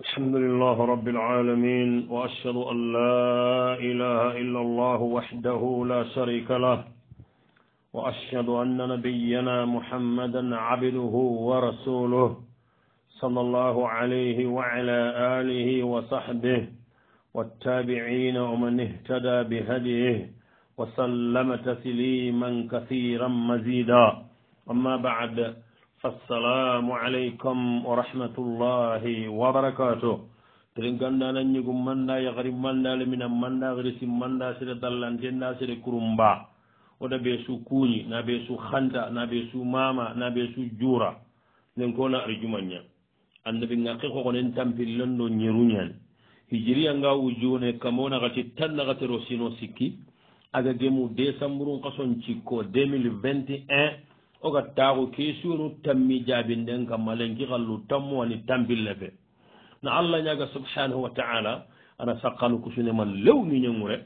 الحمد لله رب العالمين وأشهد أن لا إله إلا الله وحده لا شريك له وأشهد أن نبينا محمدا عبده ورسوله صلى الله عليه وعلى آله وصحبه والتابعين ومن اهتدى بهديه وسلم تسليما كثيرا مزيدا أما بعد assalamu aleykum wa rahmatullahi wa barakatu tren ganda nan ñigu manda yakari manda lemina manda resi manda sere dallante nda sere kurumba oda ɓe su kuuñi na ɓe su xanta na ɓe su mama na ɓe su juura nden kona ar jumaña annabi ngake kokonen tampillanɗo ñeruñan hijiria nga ujune kamona xati tan na xatero sino sikki aga gemu décembre um xason cikko deux mille vingt et un oga taaku keesiyonu tammi jaabinden ka malenki xallu tammu ani tampille fe na allah ñaaga subhanahu wa taala ana saqanu kusunema lew miñengure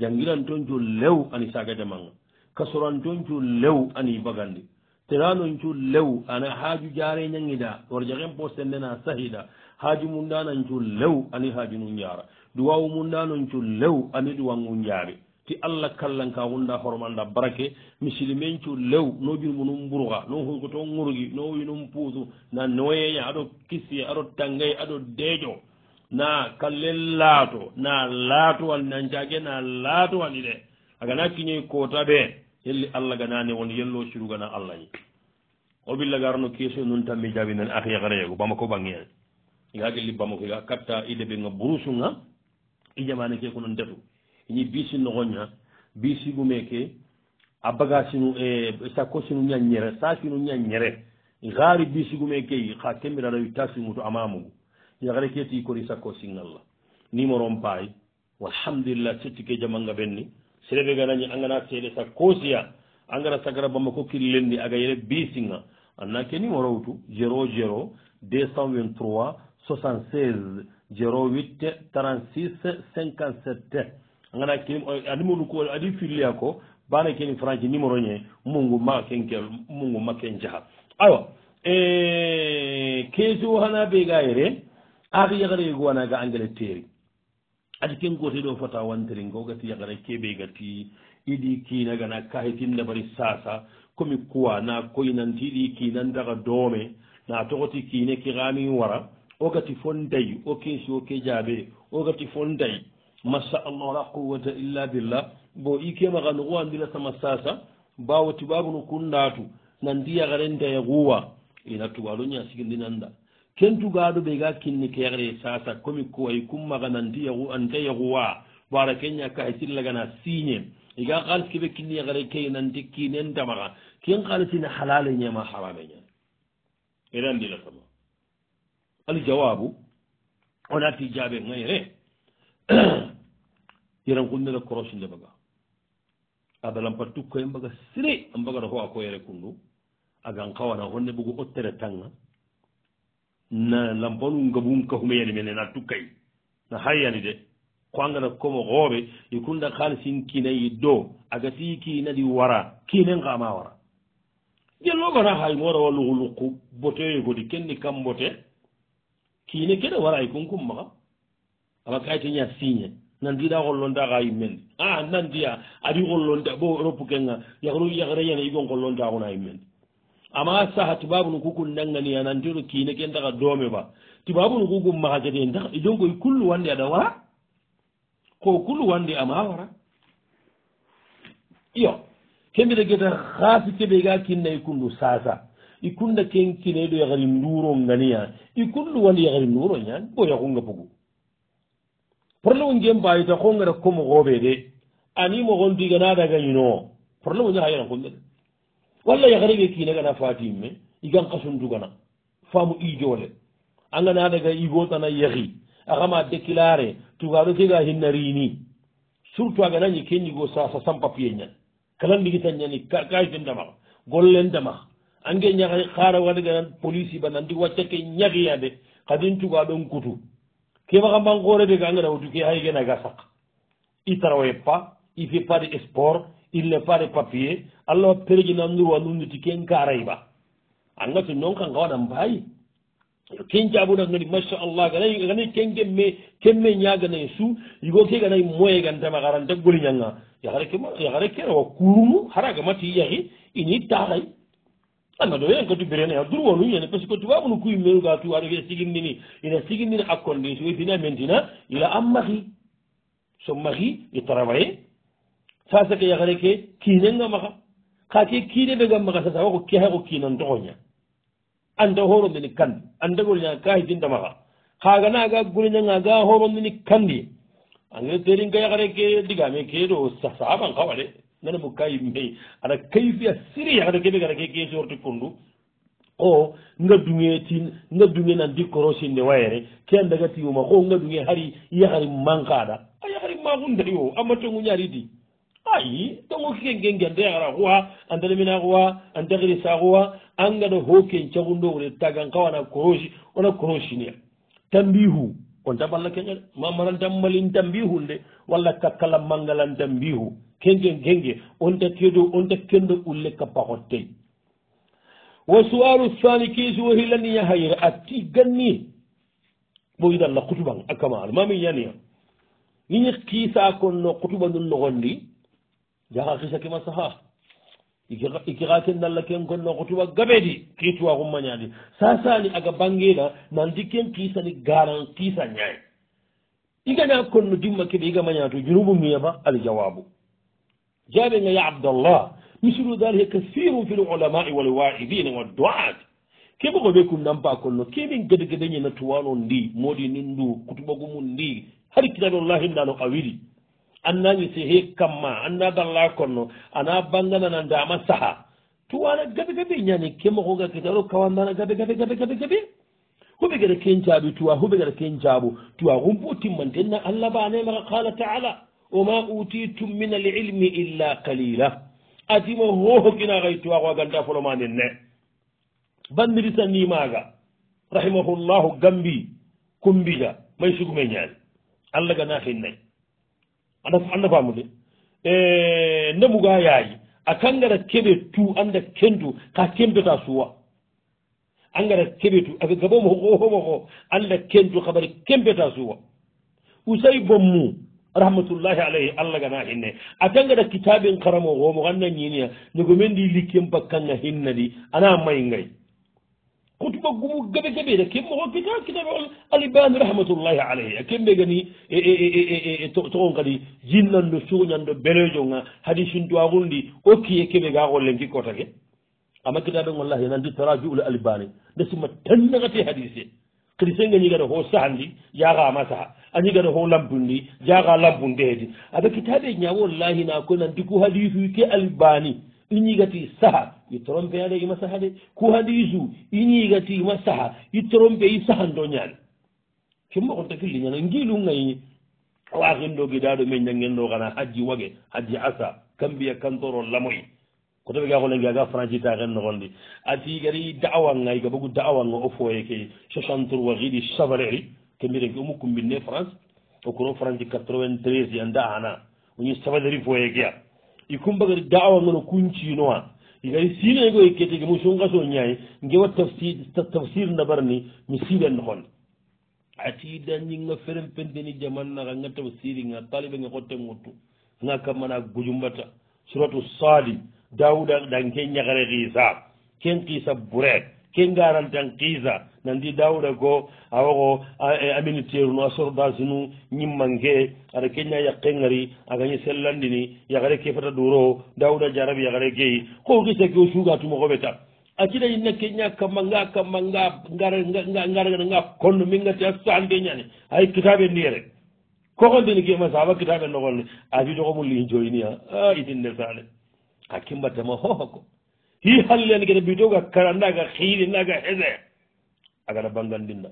jangiranteoncu lew ani sagademanga kasorantoncu lew ani bagandi tenanoncu lew ana haaju jaare ñangida warjaxen postendena sahida haaju mundanancu lew ani haaju nu njaara duwawu mundanoncu lew ani duwangu njaari ti allah kallanka wunda hormanda barake misilimencu lew nojun munum mburga no hoko to ngurgi no winum puusu na noyeña aɗo kisi aɗo tangay aɗo deejo na kalle laato na laatowal nancaake na laatowal ide agana kiñoy koota ɓe yelli allah ganaani won yello sirugana allah ñi o billa garno keso nun tammi jaabi nan ahyakareyego bama ko baŋgien iga gelli bama ko iga katta ideɓe nga burusu nga i jamane ke ko non ndetu ñi biisi noxoña biisi ɓumeeke a baga sinu e, sako sinu ñañere sa sinu ñañere xaari biisigumeeke yi xa kemiraɗa yu tasimutu ama mugu yaxre ke tii kori sako singalla numéro mpaay walhamdulillah setti ke jamanga ɓenni serebe ganañi a ngana seede sakkosiya a ngara sagara bamba ko killendi aga yere biisinga anna ke numéro utu 00 223 76 08 36 00 223 76 08 36 ngana kini animoru ko adi filliya ko bana kini franci numéro ñe mungu ma kenke mungu ma ken jaha awa e keso hana be gayere aka yagare go wana ga anglais teri adi ken gote do fota wantere ngo gati yagare kebe gati idi kina gana kahe tinna bari sasa komi kuwa na koy nan tidi kina ndaga dome na togoti kine ki rami wara o gati fondayi o kesi o kejabe o gati fondayi masa allah wala quwata illa billah bo i kema xa nuxu andila sama sasa bawo tubabunu kunndaatu e na ndiya xarendeye xuwa ina tubaalo ñasigindinanda ken tugaaɗo ɓe ga kinni kexre sasa comme kuway kum maxa na ndiya anteye xuwa wara kenña kay sillagana signe iga xaalis keɓe kinniye xare key nanti kiinen damaxa ken xaalisine xalale ñema xarame ña eda ndila sama al jawabu onati jaɓe ngayre yeran kun nela croche nde mbaga abalan par tout koye mbaga sire a mbagata fo a koyere kun ndu agan kawana honne bugu ottere tanga na lampanu ngabum kahume yani mene na tukkay na hayyani de koangana komo gooɓe i kunda haalisin kinayi do aga si kinadi wara kinen kama wara jellogona hay mora wa luhu lukku boteyo godi kenni kam bote kine keɗa wara y kunkum maxam aba kayitaña signe nandiɗa hollonta ka yimmende a nandiya adi hollonta ɓo roppu kenga yakro yakrayana igon hollonta kona yimmende ama saha tibabunu kukun nangania nantiro kiine ken taka doome ba tibabunu kukun mahakete en taka donc i kullu wande aɗa wara ko kullu wande ama wara iyo kembita geta haasi keɓe ga kinna i kundu sasa i kunda ken kineɗo yakarim nduro ngania i kullu wande yakarim nduro ñani bo yakunga pogu porno ngem bayita ko ngara komo gobe de ani mo gon diga na daga yino porno mo nyaa yana kunde walla ya garege kine kana fatimme igan qasun dugana famu ijole anga na daga igo tana yahi agama deklare tuga do tiga hinnarini surtout aga nani kenni go sa sa sam papier nyen kalan digi tan nyani karkaj den dama gollen dama ange nyaa khara wadaga police banandi wacce ke nyaa yande kadin tuga don kutu ke maxa mbangoore de ga ngada wutu ke xaye ge naga saq i trawaye pas i fait pas de sport il ne pas de papier allah perejina nurwa nunditi ken karayba anga ti non kan gawaɗa mbaayi ken jaɓunagnadi masha allah ganayi ganayi ken gemme ken me ñaganayi su yigo ke ganayi moye gantama xaranta goliñanga yaxare ke yaxare ke rawa kurumu xara gamati yaxi ini taxay annaɗo yen kadi birene ha dur wonu yene par ce que tubabunu kuy menuga tubaɗo wiya siginnini ina siginnini accorde so wetini amentina ila am mahi so mahi i travaille sa sake yahare ke kinenga maha ka ke kiineɓe gam maha sasa wako ke hako kiinantoxoña anda horo mene kandi anda golña ka hitinta maha haganaga golñanga ga horo mene kandi angeteringa yahare ke digame ke ɗo sasaɓan kawa de nene mo kayi mey aɗa kayi fiya siriya aɗa keɓe aɗa ke kesorti kondu o ngadduge tin ngadduge nan di korosinde wayere ke andaga timoma ko ngadduge hari yahari manqaɗa a yahari makundari o amma tongu ñariti ayi tongu kekegende yahara xuwa antalemina xuwa antakiri sa xuwa angaɗa ho ken cagundowure tagan kawana korosi ona korosinia tambi hu on daballa keñol mamara dammalinta mbihu nde walla kakkala manngalanta mbihu kenge kenge onta kedo onta kendo ulle ka pahottey wo suwaru sani kiisi wo hilaniya hayre a ti ganni ɓoyidalla kutuban a kamaal mamin yaniya niñi kiisa konno kutuba nun nogondi jaha kisa kima saha ikiraken nalla ken kon no kotuwa gabedi kiituwa kummañadi sasani aga bangena nandi ken kiisani garan kiisa ñay igana konno dimma keɓe iga mañato junubu miyama aljawabu jaɓega ya abdallah misiru dalihe kasiru fi lulamai walwaidina wa doat keɓe koɓe kum nampa konno keɓen gedegedeñena tuwano ndi modi nin ndu kutuɓagumu ndi hari kitabullahi ndano awiɗi anna ñisi hee kamma anna galla konno ana bangananande ama saha to wana gabe gabe ñani kemoxoga kitaro kawandana gabe gabe gabe gabe gabe huɓe gada ken caaɓi tuwa huɓe gada ken caaɓo tuwa xumpo timmanten na allah baane maxa qala taala oma utitum min alilmi illa qalila atimo hoxoginaxay tuwa xo aganta folomanen ne bandirisa ni maaga rahimahullahu gambi kumbiga may sugume ñaani allah gana xin nay anda anda faamude e ndemugo ha yaayi a kangara keɓe tu anda kendu ka kembeta suwa angara keɓe tu ae gabomo homo ko anda kendu kabare kembeta suwa usayi bommu rahmatullahi alayhi allah gana hinne a kangara kitaɓen karamo homo anna ñiniya nogo mendi likken bakkanga hinna ɗi ana mayngayi kutuba gumu gabe gabe da ke mako kita kita ba aliban rahmatullahi alayhi ke be gani e e e e to on kadi jinnan do suñan do belejo nga hadisin to agundi o kiye ke be ga golle ki kota ke amma kita be wallahi nan di tarajuul alibani da suma tannagati hadisi kadi sen gani gada ho sahandi yaga masa ani gada ho lambundi yaga lambunde hedi ada kitabe nya wallahi na ko nan diku hadisi ke alibani iñigati saha i trompe ade ima saha de ku hadisu iñigati ima saha i trompe i sahando ñaane kemma kon ta killi ñana ngiilungayi waaxindogi daɗo me jangendo xana hajji wage hajji asa kambiya kantoro lamoy ko to ɓe ga xolenge aga francita xen noxon di ati gari da'awangay ga bogu da'awanga o foye ke sechantour wa xiidi chavaleri ke mbi ren ke o mukkumbinne france o kuro france 93 anda ana oñi chavalerie foye ke a i kumbagati da'awa ngono kuncinowa igadi sinego e ketege mu sungaso ñayi ngewa tafsir nabar ni mi siɓenno hon atida ñinga feren pendeni jamannaga nga tafsiri nga talibe nga xotte ŋuttu nga kammana gujumbata suratu salim dawoud danke ñagare xisa ken xisa bourek kengaral tan kiisa nandi dawɗa ko awa ko e aminitére nu a sordage nu ñimmange aɗa keña yakkengari agañi sellandini yakare kefata ɗuro dawɗa jarabe yakare geyi kowki sake o suga tumakoɓe tan a citañinna keña kamma nga kamma nga ngargana nga konno min gati a sande ñani hay kitaɓe ndiyere kokondini kima sa awa kitaɓe nogonne a fiɗo komu lin joyini a itinde sane a kimbatama hohoko hi hallen gene mbitoga kara ndaga xiiri ndaga hese agata bangal ndinna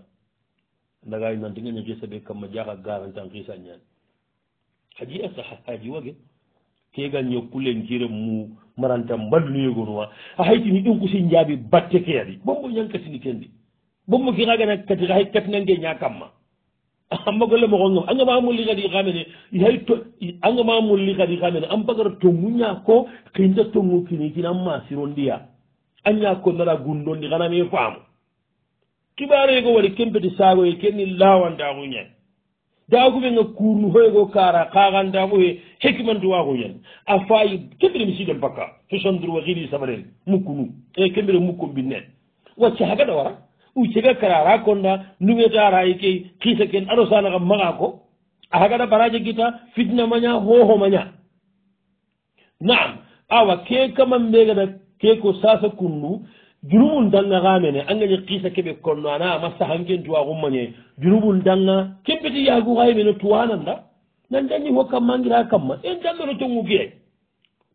ndaga i nanti ngeñoje saɓe kamma jaaka garantan xiisa ñaani haji a saha haji wage kegal ño kulen kire mu maranta mbadu nuyegonuwa a haytini ɗum kusi njaabi batte ke adi bommo ñankatini kendi bommo kixagana kati hay katinange ña kamma amba golle mo gongam anga mamulli kadi kamene hay to anga mamulli kadi kamene ambagara tonguña ko kinda tongu kini kinan masiro ndiya anña ko nara gundo ndi kaname faamu kibarego wari kempeti sagoye kenni lawandaguñan dagumenga kurnu hoyego kara kagandagu he hekimantu waguñan a fayi kembiri misidem bakka fesondur wa xiri sabaren mukkunu e kembire mukkum binnen wacce hagada wara ucega karara konda nuweta araye ke kiisa ken arosana kam maga ko ahagada baraje guita fitna maña hoho maña naam awa ke kamam begada ke ko sasa kunnu junubun danga gamene angeñi kiisa keɓe konno ana ama sahanken tuwa xummañe junubun danga keɓeti yaagu xaymene tuwananda nan dañi fo kam mangira kamma en dangano tongu ke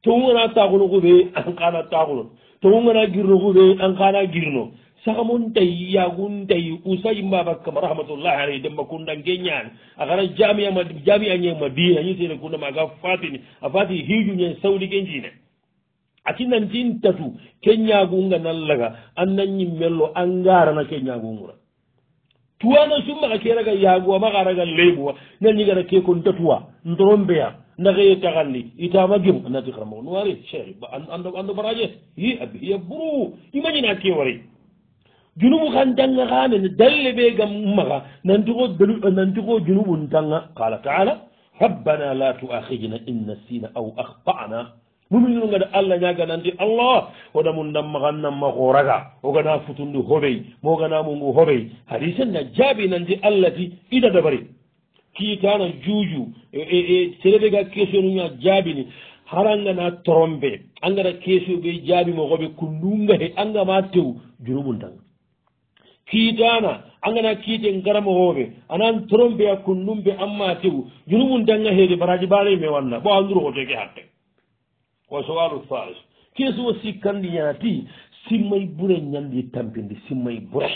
tongu gana taxunu xuɓe an kana taxunon tongu gana girno xuɓe an kana girno sahamun tay yagun tay usay mbabakam rahmatullah alayh demba kundange ñan agara jamiama jamia ñema bi añi sene kunda maga fatini a fati hiju ñe sawlige jine aci nantin tatu ke ñagunga nallaga an nañi mello angarana ke ñagungura tuwana sumaxa ke raga yaagu amaxa raga leybuwa nañi gara ke kon tatuwa ndorombeya ndaxeye taxandi itama gim anati xaramoxo nuwari cheikh ando baraje i abiya buru imagine a ke warai junubu kan tanga kaane ne dalle ɓe gam ummaka nanti ko dalu nanti ko junubun tanga qala taala rabbana la tuakhijna in nasina aw akhtana muminu ngada allah ñaga nanti allah hoɗa mum dammakan namma ko raga ogana futundu hoɓey mogana mungu hoɓey hadise na jaabi nanti allah ti ida dabari kiitana juuju e, e, e sereɓe ga question e uña jaabini harangana trompe angara question ɓe jaabi mo hoɓe ko ndungahe angama tew junubun tanga kiidana angana kiiɗe garama hoɓe anan trombe a kunnumbe amma tigu junumum danga heede baraji baalay me wanna ɓo andur hotoke hatte ko sowalu halis keesu o sikkandi ñanati simmay bure ñandi e tampindi simmay bure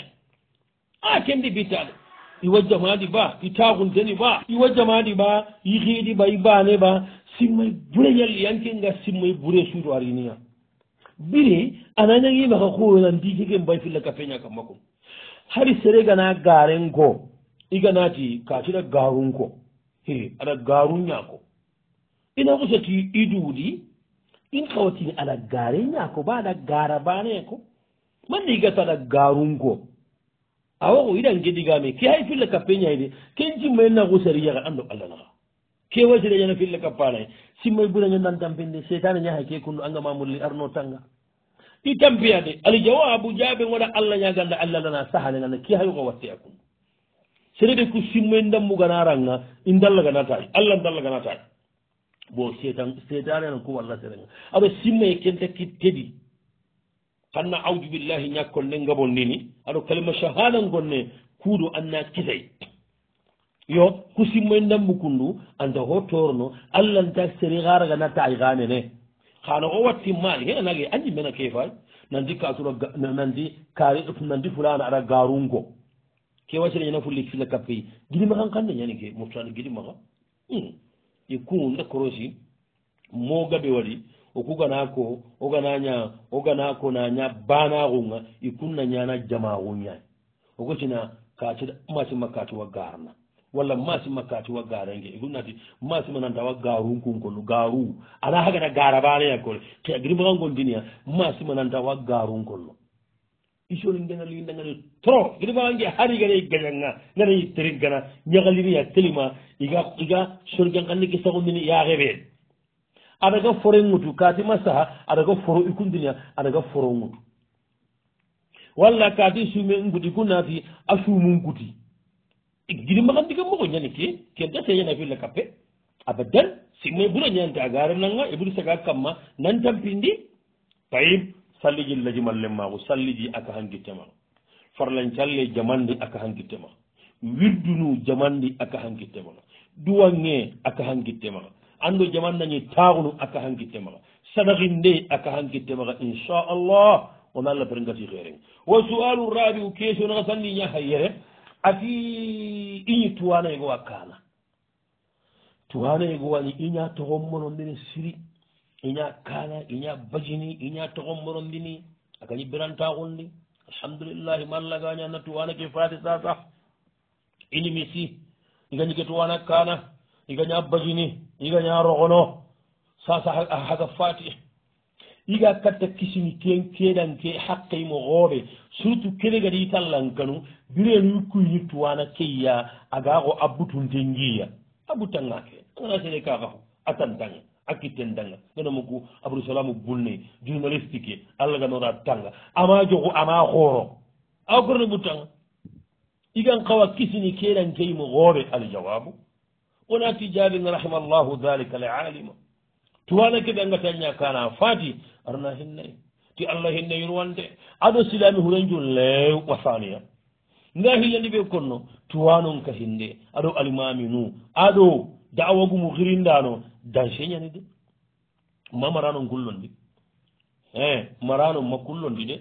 a kendi bittaɗe iwa jamaɗi ba i taakunteni ba iwa jamaɗi ba yihiiɗi ba i baane ba simmay bure ñalli yankenga simmay bure suudo arinia biri ananangimaka kowelandikeken bay filla ka peña kam makum hari sere gana garen ko iganati kacira garunko e ala garunyako ina usati iduli in kawatini ala garenyako ba ala garabaneko manni igata ala garunko awa ko idan gedigame ke hay filla kapeñayde ken jimmayenna usari yaga ando allah naga ke wasireñana filla kappanay e. simmay buraña nan dampinde setane ñahay ke kundu angamamulli arno tanga ɗi tampiya de ali jawabu jaaɓe waɗa allah ñaganda allah nana sahane nana ki hayoma watte a kum seɗeɗe ko simmoe dammugana ranga i dallaganataaje allah dallaganataaje bon setan setane nan ko walla serenga aɗa simma e ken takki teɗi hanna audubillahi ñakkol nde gabon ndini aɗa kalima sahadan gonne kuuɗo anna kisay yo ko simmoe dambu kundu anta ho torno allah nta seri haraganataaje ganene hano o watti maal he anage anji mena keefaji nandi kasuro nandi kaari ɗo nandi fulana aɗa garungo ke wasere ñana fulli filla kappeyi guidima kan kande ñani ke moftani guidima ka hmm. e kun nde korosi mogaɓe waɗi o kugana ko o ganaña o gana ko naña banagunga e kunna ñana jamaagu ñani o gotina kaatiɗa masi makkatiwa garna walla masima kaati wa garange e gumnati masima nanta wa garunkunkonu garu ala hagata garabaneyakkole ke agribagangon diniya masima nanta wa garunkonno isoni ndeŋali ndeŋani tro gribagange hari gana gañanga ngana tri gana ñagalinia telima iga iga sorgenkanni ke sagondini yaxeɓe adaga foro ŋutu kaati ma saha adaga foro ikundinia adaga foro ŋutu walla kaati sume ŋkuti kunnati a sumu ŋkuti E igdiri maxandi kam moko ñani ke ke dase yana fille kappe abadan sime ɓura ñanta a gara nanga e ɓuri saga kamma nan tampindi payim salliji lajimalle maaku salliji aka hankitte ma farlan calle jamandi aka hankitte ma wirdunu jamandi aka hankitte ma duwange aka hankitte ma ando jamandañi taxunu aka hankitte maa sadakinde aka hankitte maa inchallah onaallah perngasi xeereng wa sualu rabiu question naxa sanndiña ha yere afi iñi tuwanaygo wa kaana tuwanaygo wani iña togommonondini siri iña kaana iña bajini iña togommonondini akañi birantagondi alhamdulillahi mallagaani anna tuwanake faati sasa inimi si igañike tuwana kaana igaña bajini igaña rogono sasa haga faati iga katta kisimi ken kedanke hakkeymo goobe surtout kele gadi italankanu birel wikkuy ñittu wana keyya agaako abbutunten ngiya abbutangake ana sene kakafo atan tanga akkitten danga gana mugu abdusalamu bulney journalistique ye allah ganora tanga ama joko ama xooro a korne buttanga igan xawa kisini keran keyimo xoore aljawabu onati jaabinga rahima allahu dalika lalima tuwana keɓe ngata ñakana fati arna hinnayi ti allah hinnayi ruwante aɗo silami huren jum lew wasaniya nga hillani ɓe konno tuwanon ka hinde aɗo almaminu aɗo dawagu mo hirindano dange ñani de ma marano gullondi e marano makullondi de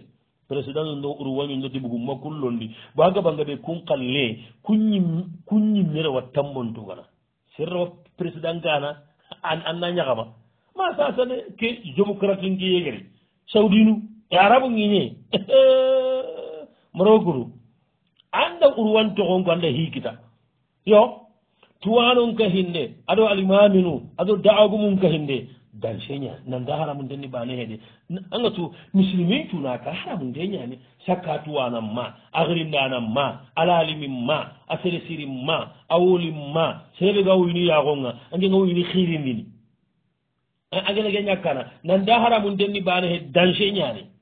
président ndo urwañundo dibugu makullondi baga banga ɓe kunkalle kuñi kuñi mira wa tambontugana serrawa président gana an anna ñagama ma sasane ke jomocratinke yegere saudinu e arabu ñiñe marogoru annda urwantogon ko annda hikita yo tuwanon kahinde aɗo alimami nu aɗo daagu mum kahinde danse ñani nanda haramu ndenni bane heede anga tu muslimin cunaka haramu nde ñani sakka tuwanan ma ahrindanan ma alalimin ma a feresirin ma a wolin ma sebe ga wuyini yagonga ange nga wuyini xirindini a ngenage ñakkana nanda haramu ndenni bane heede danse ñani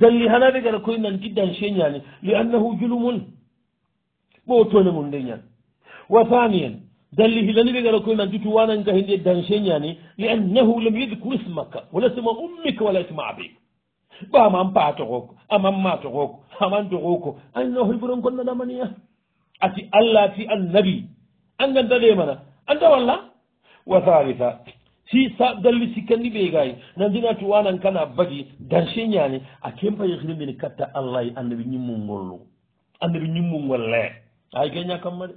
قال لي هنا بقى كنا جدا شين يعني لأنه جلم بوتون من دنيا يعني. وثانيا قال لي هنا بقى كنا جيت وانا جدا شين يعني لأنه لم يذكر اسمك ولا اسم أمك ولا اسم أبيك ba man patogoko aman matogoko aman dogoko an no hiburon gonna da maniya ati allah ti annabi an ganda da mana an da walla wa thalitha si sa dalli sikkanni ɓeegaayi nanndinaati waanan kana bagi danse ñaani a kempayehiri mbini katta allahyi annabi ñimmungollu annabi ñimmungollee hay keña kamma de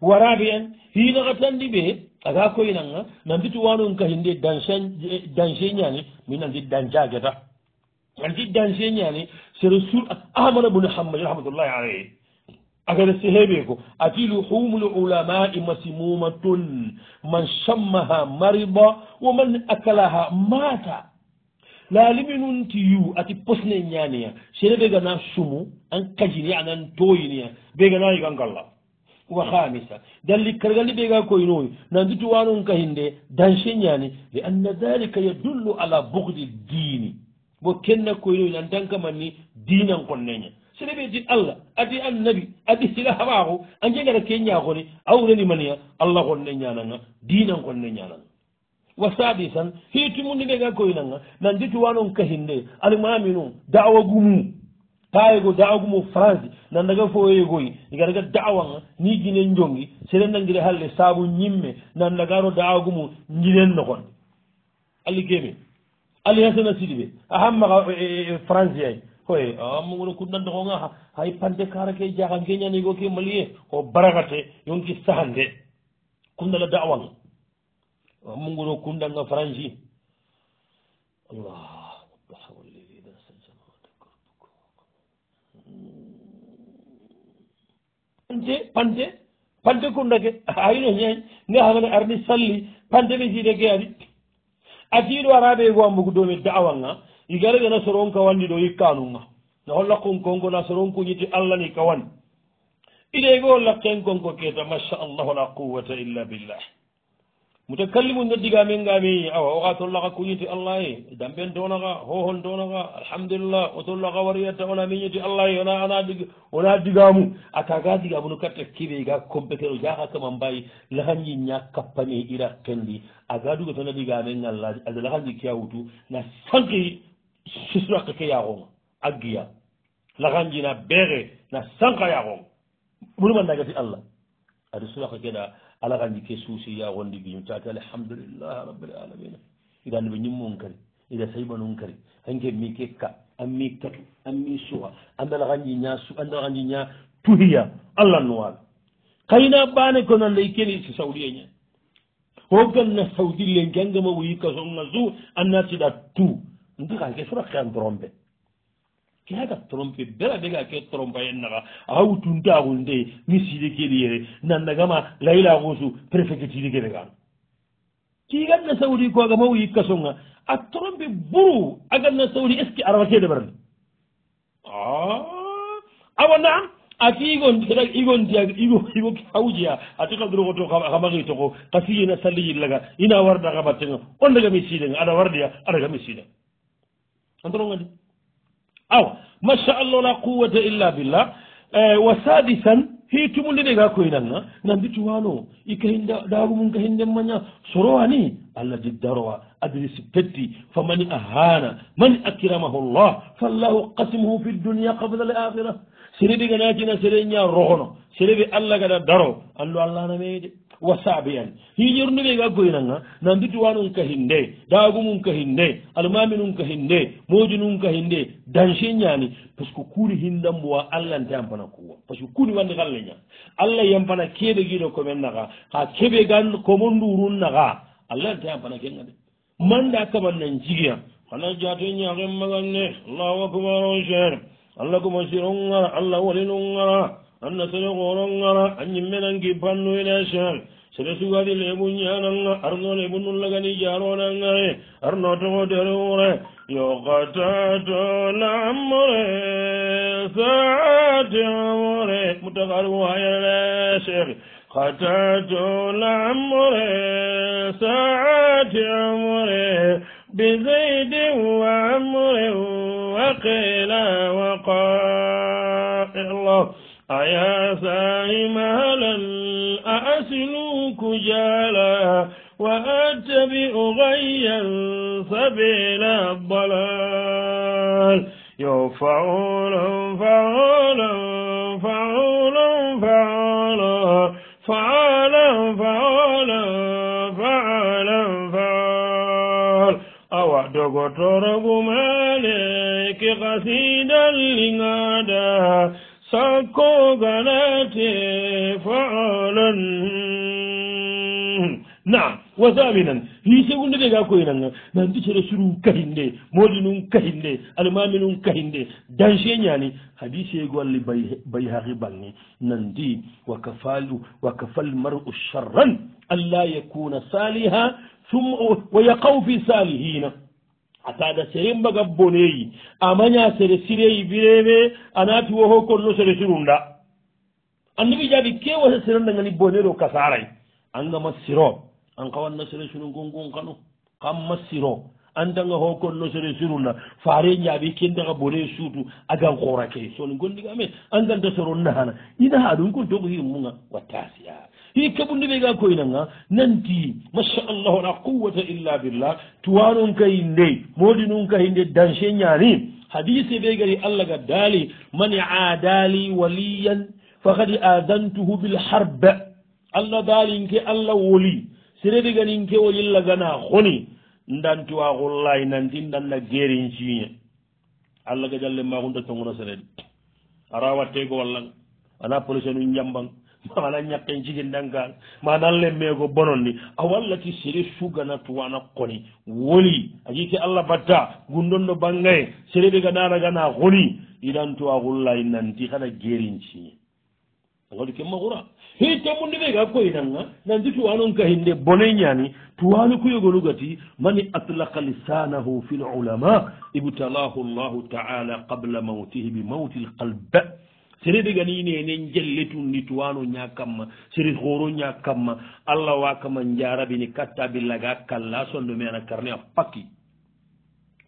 waraaɓe en hiinakatanndi ɓe agaa koynanga nanditu waanon kahinde danse ñaani mi nanndi dancaageta nanndi danse ñaani sere sur ahmad abune hammadi rahmatullahi aleyhi agana si heeɓe ko ajilu humul ulamai masimumatun man sammaha marida wo man akalaha maata laalimi nun ti yu ati posne ñaaniya sene ɓe gana sumu an kajini anan toyiniya ɓe gana yigan galla wa hamisa dalli kargali ɓe ga koynoyi nanditu wanun kahinde danse ñaani li anna dalika yadullu ala bugdi dini bo kenna koynoyi nan tan kamanni dinan konneña sene ɓe din allah adi annabi adi sila hawaako a jegata ke ñaagoni awreni mania allah gonne ñananga diinan gonne ñananga wa saaɗi san hiiti mundindega koynanga nandi tu wanon kahinde almami nu dawa gumu taayego dawa gumu france nandaga foyegoy igataga dawanga ni guine jongi sere nangire halle saabu ñimme nandagano dawa gumu jinen nogonde alli kemen ali hasana sidi ɓe ahammaga e, e, e, france yay koye amo wono ko nande ko gaa hay pande karake jaaka geñanigo ke malien ko baragate yonki sahande kundala dawal amo gono kundanga franji allah pante pante pante kundake ayno ñañ ne hagane arni salli pante ɓe jiide ge adi adiɗo araɓe gowambo ko domi dawal ga igarege nasoron kawanni ɗo yikkanunga na holla konkonko nasoron kuñiti allah ni kawani idego holla ken konko keta machallah wala quwata illa billah mute kallimu no digamengami awa oxa tollaxa kuñiti allah ye damben donaxa hohon donaxa alhamdulillah o tollaxa wariyatta ona miñiti allah ye ona digamu a kaga digamunu katta kibe ga compétero jaxa kaman mbayi laxanji ña kappane ira kendi aga dugatona digamen ngalla ada laxanji kea wutu na sanki سسرا كي أجيا لغانجينا بره نسان كي يعوم بلو من نجاتي الله هذا سورة كنا على غني كيسوس يا غني بيوم تاتي الحمد لله رب العالمين إذا نبي نمونكر إذا سيبا نمونكر هنك ميكي كا أمي كا أمي سوا أنا غني نيا سو أنا غني نيا تهيا الله نوال كينا بانة كنا ليكني سعودية نيا هو كان سعودي لين جنگ ما ويكا سونا زو أنا تدا تو nte ka ke sura kean trompe ke hata trompe bela be ka ke trompe yen naga awutunta agu nte mi side kedi yere nannagama layila agosu prefectitide kede gan kiganna saudi kogama wu yikka songa a trompe buru aganna saudi est ce que arawa kede barani awa naam ati igontea igontea igo hawjeya ati kadrogo to kamagii toko kasiyena salliyillaga ina wardagabattega on daga mi sidenga aɗa wardiya aɗagami sidenga ما شاء الله لا قوة الا بالله وسادسا هي تمون لي غا كوينا نان ديتو وانو يكين داغو مون كين دم مانيا سرواني الله جد دروا ادريس بتتي فمن اهانا من اكرمه الله فالله قسمه في الدنيا قبل الاخره sere ɓe ganatina sere ña rohono sere ɓe allah gaɗa daro andu allah na meede wa saabe en hiñornuɓe ga goynanga nanditu wanum kahinde daagu mum kahinde almami num kahinde moji num kahinde danger ñani par ce que kuuni hindanmboa allah nte yampana kuwa par ce que kuuni wande halle ña allah yampana keɓe giɗo komen naga ha keɓe gan komon ndurun naga allah nte yampana kenga de manda kaman nan jigiya hana jaato ñaxe magan ne allahu acbar o gere allah ko mosir ongara allah walin ongara anna sere gorongara añimmenanki pannu ila char sere sugadi lebu ñananga arno lebu nullagani jaronangae arno togo derewore yoqatatonamore satemore mutakaru hayale cheikh قتلت الأمر ساعة عمره بزيد وعمر وقيل وقائل الله أيا سائم هل أأسلوك جالا وأتبئ غيا سبيل الضلال يوفعون فعلا dogotorobu maleke kasidalligada sakko galate faalan na wasaɓi nan li segundede ga koye nan nanti cere suru kahinde modi num kahinde almami num kahinde dange ñani hadi seego alli bay haki balni nandi wakafalu wakafal mar'u sharran an la yakuna saliha thumma wa yakaw fi salihina a taaga sere mbaga boneyi amaña sere sireyi bireme anaati woho konno sere surunda annabi jaabi kewasa serendagani bonero kasaray angama siro an kawanna sere surun gongonkano kamma siro antanga ho konno sere surunda fare jaabi kindaga bone suutu agan korake soni gondigame anganta soronnahana ina ha ɗum kon togo himmuga wattasiyaa hikka ɓunduɓe ga koynanga nanti machallah wala quwata illa billah tuwanon kay nde modi nun kay nde danger ñani hadise ɓe gari allah ga daali man aadali waliyan fakadi adantuhu bilharbe allah daalinke allah woli sereɓe ganinke wolilla gana honi ndantuwa hollay nanti ndanna guerin ciiñe allah gajallemma hunta cogono sereɗe ara watte go wallaga ana police nu jambang mana ñakken jigin dangal mana lemmego bonon ni a wallati sere sugana tuwana koni woli a jiki allah batta gundon no bangaye sere ɗega naragana honi idan tuwa hullayi e nanti kana gerinci agadi ke magura he tammunde ɓe ga koyinanga nanti tuwanon kahinde bone ñani tuwani kuyegonu gati mani atlaka lisanahu fi lulama ibtalahu llahu taala qabla mautihi bi mauti lqalbe serede gani inene jelle tundi tuwano ña kamma sered horo ña kamma allah wakama jarabini katta billaga kalla sondo mena karne a pakki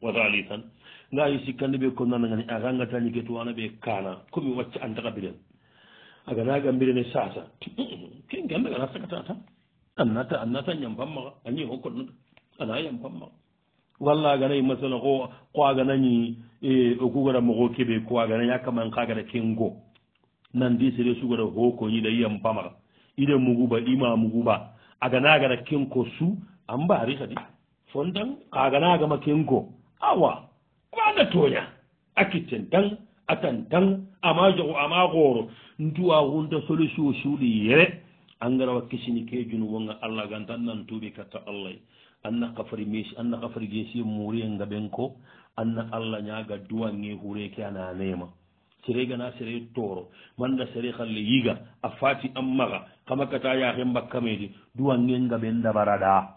wasali tan ngayi sikkande ɓe konnana gani aga gatañike tuwana ɓe kana komi wacca antaka biren aganagambirene sasa kengeanɗagana sagatata annata annata ñam pammaxa añi o konnoɗa ana yam pammaxa walla aganayi masala ko ko aganañi e o gugara mogo keɓe ko agana yakaman kagara kengo nandi sere sugara hoko yiɗa yiyam pamara mugu ba aga na ga da kingo su an ba mbaari kadi fontan kagana ma kenko awa koanga toña a kitten tan atan tan ama jogo ama gooro nduwa wunta solution suuɗi yere angara wa k'e junu wonga allah gantan nan tubi kata Allah anna kafari meesi anna kafari geesi e muure ngaɓen ko anna allah ñaaga duwange hureeke ananeema sereegana sere tooro manda sere halle yiga a faati an maga kamakkata yaahe mbakka meede duwange ngaɓen dabaraɗa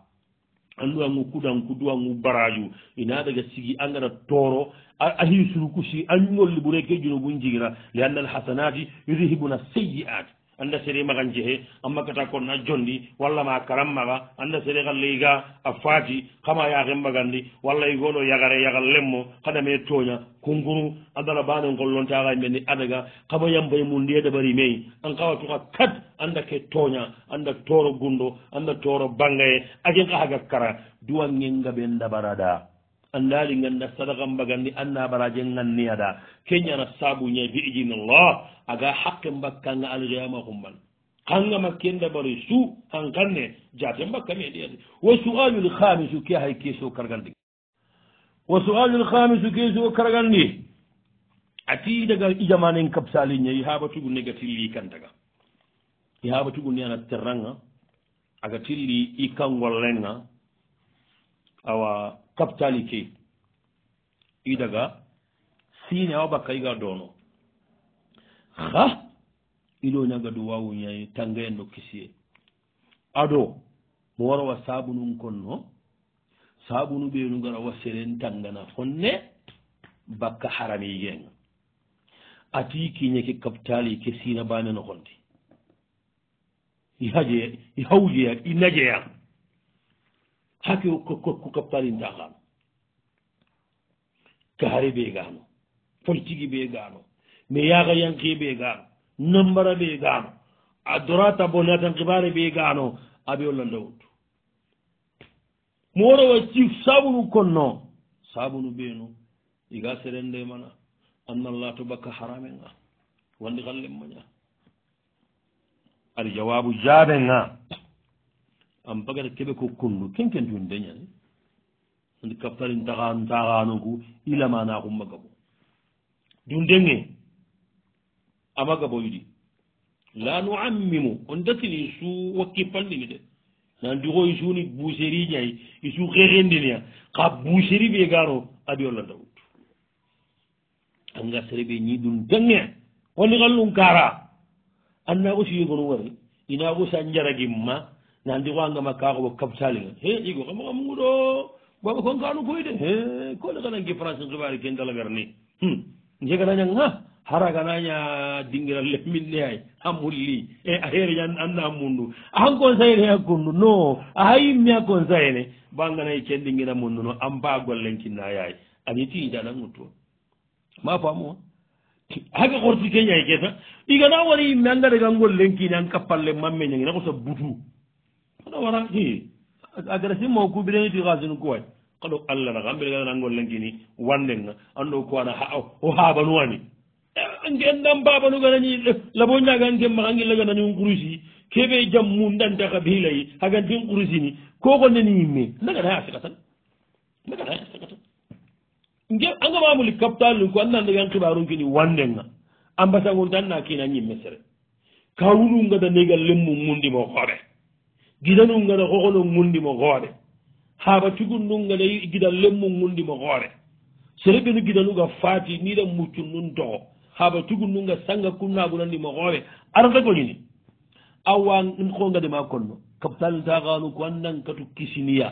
anduwangu kudanku duwangu baraju ina daga sigi an gara tooro ahii surukusi an ñolli ɓureekejuno bun jigira li annal hasanati yurihibuna seyi ati annda sere magan jehe anmakata konna jondi walla ma karam maga annda sere galleyga a faati kama yaken magandi walla igoɗo yagare yagal lemmo kadame toña kunguru adala bane gollontaga e menni adaga kama yambay mundiye daɓari mey an kawa tuka kat annda ke toña annda toro gundo annda toro bangaye agen kahaga kara duwa ngenga ɓen daɓarada anndaari ngannda sadaka mbaganndi annabaraje nganniyaɗa keñana saabuñe bi ijinillah aga haqqe mbakkanga alriyama kumban kanga makkenda bare su han kanne jaate mbakkameɗiyade wo sualul hamisu ke hay keso kargandi wo sualul hamisu keso kargandi ati daga ijamanen kabsaliñe ihaaba tugu nega tilli kantaga ihaaba tugu ndi ana terranga aga tilli i kangol lenga awa capitalité i daga sine awa bakka i gar doono ha ilo ñagadu wawuñay tangayen no kisiye ado mo wara wa sabunun konno sabunu ɓeenu gara wa seren tangana fonne bakka harami yeng ati kiñeke capitalité sina baneno honde yaje yawjeyak i najeyak hake kuka pali ndagano kaare ɓe gano politique ɓe gano mi yaga yanke ɓe gano nambara ɓe gano a dorata bonatan kibare ɓe gano aɓe olla lawdu mo woro wa cif sabunu konno sabunu ɓeno iga serende mana annallato bakka harame nga wandi kallemmoña ada jawabu jaɓe nga am pagata keɓe ko kollu kenken tun deñani andi kaftalin taxan taxano ku ilamana xumma gabo dun denge ama gabo yiɗi la nuammimo on datini su wakki pallimi de nan ndixoy suni buseri ñay i su xexendinia xa buseri ɓe gaano aɓi o landa wut anga sereɓe ñi dun denge woni xallum kara annaxo siyogonu ware inaxo sa njaragim ma nanndi koangama kaakoɓo kabtaliga he ɗigo kama kam nguɗo baba konkano koy de he kole kana gi france n xibaari ken dalagar ni hmm. jeganañang ha hara ganaña dingira lemminne ay a mulli e a heereña anna mundu an consayne he hakkunndu no a hayimmi a consayne banganayi ken ndingina mundu no an mba gollenkinnayay ani tiidanangu to ma famo hake xorti keñay ke sa igana wari yimmi angadegangol lenkine an kappalle mammeñangina ko sa butu ɗo wara hi agressive mo kuɓireni ti kasini kuway kaɗo allah naka an mbelegana nangollengkini wandenga anɗo ko ana o habanuwani eh, gendan babanugaani eh, labo ñagan ke maxa ngillaganani nkurusi keɓe jam mu ndante xa bilayi hagantin kurusini koko neni yimme ndagana a sikatan ndagana a sikatan nge angamamuli kaptalin ko anna ndegan xibarunkini wandenga ambasagun tan na kina ñimme sere kawunu ngada negal lemmu mundimo xoɓe gidanungada xoxono ngundimo xoore haaba cugundungada gida lemmu ngundimo xoore sereɓenu gidanuga faati nida muccun nun toxo haaba cugundunga sanga kunnagunandimo xoore arata goñini awa xongadema konno kaptal taxanu ku andang katu kisiniya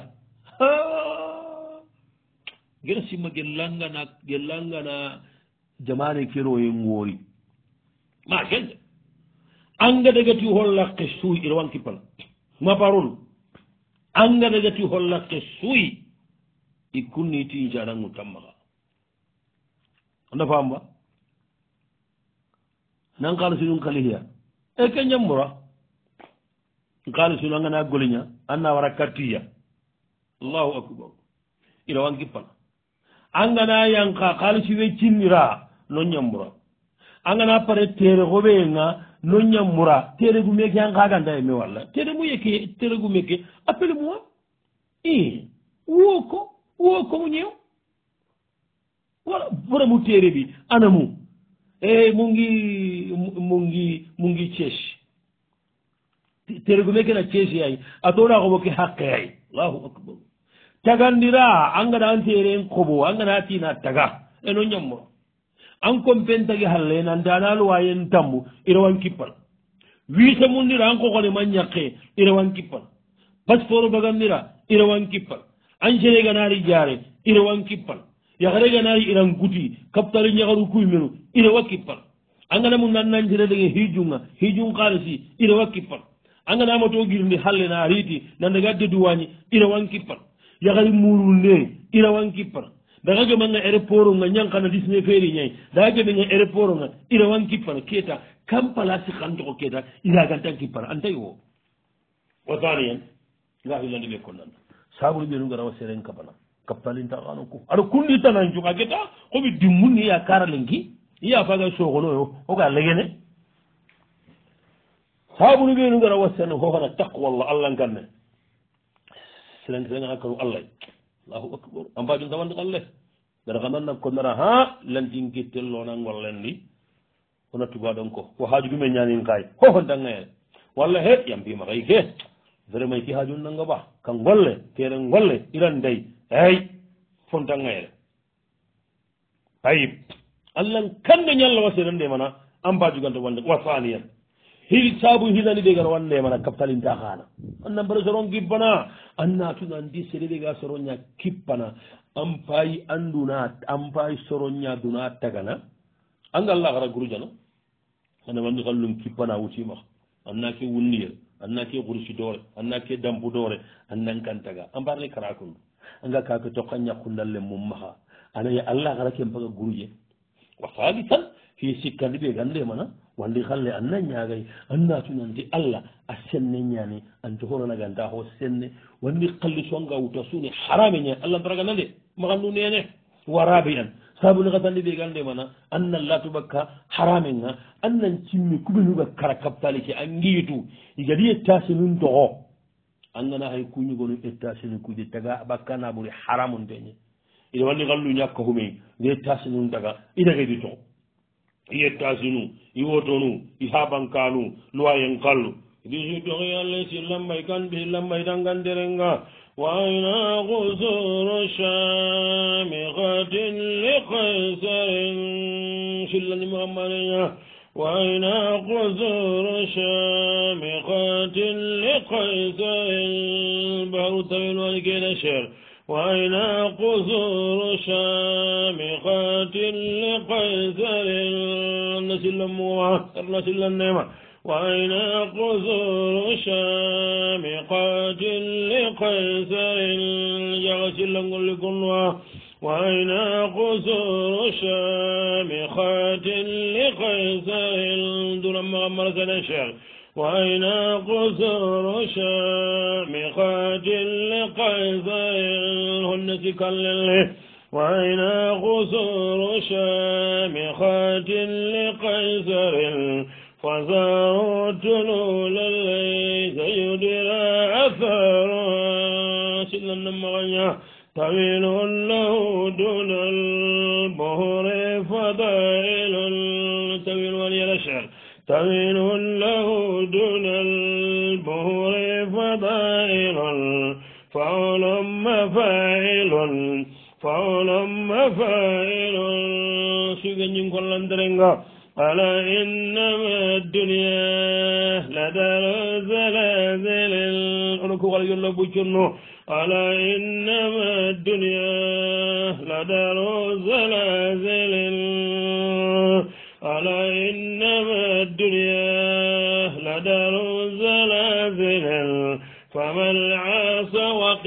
gena simma gellangana gellangana jamane keroye ngoori ma kende angadagati hollaqe suy irawan kippala mabarol angada gati hollake suyi i kunniti jaɗangu tammaka ndafamba nan kalisinun kalihiya e ke ñammora kalisinu angana goliña anna wara kattiya allahu akbar ila wan kippala angana yanka kalisi we cinnira no ñammora angana pare tere hoɓeenga non ñam mura téregu meke han kaganta e mi walla téregu yeke téregu meke appel moi i wooko wooko mu ñeew wala bura mu téere bi ana mu ey eh, mu ngi mu ngi mu ngi ceesi téregu meke na ceesi ay a toona xobo ke xaqe ay allahu akbar tagandira angana an téeren xobo angana tiina taga e non ñam mura an compen tagi halla en andanaluwayen tambu irawan kippal wiise mum nira an kokone man ñakke irawan kippal passeport bagan nira irawan kippal an seneganari jaare irawan kippal yakareganari iran guti kaptari ñakaru kuymenu irawa kippal angana mum nannan sene dage hijunga hijun kalisi irawa kippal angana mato girndi halle na riti nandagadde duwañi irawan kippal yakari muru nde irawan kippal dagajo manga aéroport nga ñankana disne feri ñayi dagajo ɓenga aéroport nga irawan kippana keta kam place xantoxo keta iragantan kippana an tay o wasani en nga xilandi ɓe konnana sabulu ɓenu ngarawa seren kabana kaptalintaxano kuf aɗa kunditanan cuka keta xoɓi dimmun ni ya karalengki i ya faga soxonoyo oga legene sabulu ɓenu ngarawa seren xoxana taqwallah allahnkanne serenkerenga kanu allay allahu akbar a mbaajum tawande alle gara kamanna konnara ha lantin gettelloona ngollenndi ona tubaɗon ko ko haaju ɗumen ñaanin kaye hoho dangeere walla he yam mbima kay ke vraiment ki haaju nango ba ka ngolle keere ngolle iran dey ey fon dangeere ayib allan kamɓe ñallowa seeɗan nde mana a mbaajugal to wande wa faniyan hi saabu hinani ɗe gara wannde mana kaftalinta kaana annan bara soron gibbana anna tuna andi seredega soronña kippana an payi anduna an payi soronña duna tagana angalla hara gurujana ana wandu kallum kippana wutima anna ke wunniye anna ke gursi doore anna ke dampu doore annan kan taga an mbarle karakundu anga kake tokka ñakkundalle mum maha anaye allah hara kempaga guruje wa salisan fi sikkandi ɓe gande mana walli halle a nañaagay annatunandi allah a senne ñaani anto horanaganta ho senne wanni kallisonga wuta suni harame ñaani allah ndaraga nande maxandu nene warabian sabuni xatandi ɓegande mana anna latubakka harame nga annan cimmi kuɓenuga kara kaptali ke a ngiitu igadi ettase nun toxo angana hay kuñugonu ettase ni kuje taga bakka naɓuri haramunteñe ida wanni xallu ñakka xumi nga ettase nun taga idagedi toxo yettasinu iwotonu ihabankanu luwayen kallu di jukoyale si lambay kanbe lambay tangandirenga وإذا قصور شامخة لقيصر شلا لمغمرنا وإذا قصور شامخة لقيصر بهر الطويل والكيد الشر وإلى قصور شامخات لقيصر نسل مواثر نسل النعمة وإلى قصور شامخات لقيصر يغسل كل كنوة وإلى قصور شامخات لقيصر دون مغمرة الشيخ وأين قصر شامخات لقيثين هن تكلل وأين قصر شامخات لقيثر فزارت نول الليث يدرى أثر سلا نمغيه طويل له دون البهر فضائل طويل ولي الأشعر تغير له دون البهور فضائل فعل مفاعل فعل مفاعل سيغنينكلندرينغا ألا إنما الدنيا لدار زلازل أنكوغليلا بوشنو ألا إنما الدنيا لدار زلازل قال إنما الدنيا لدار زلازل فمن عاص سوف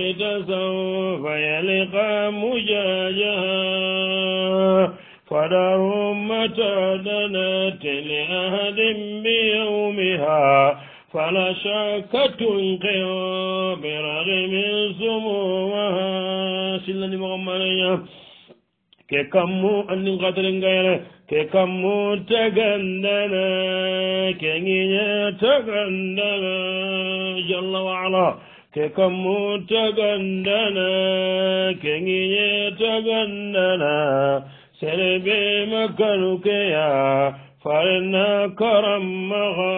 فيلقى مجاجها فدار متى دنت لأهل بيومها فلا شاكة قيام برغم سمومها سلني مغمرية ke kammu anni gadrengayre ke kammu tagandana ke ngiye tagandana jalla waala ke kammu tagandana ke ngiye tagandana selebe makanukeya farenna karam maha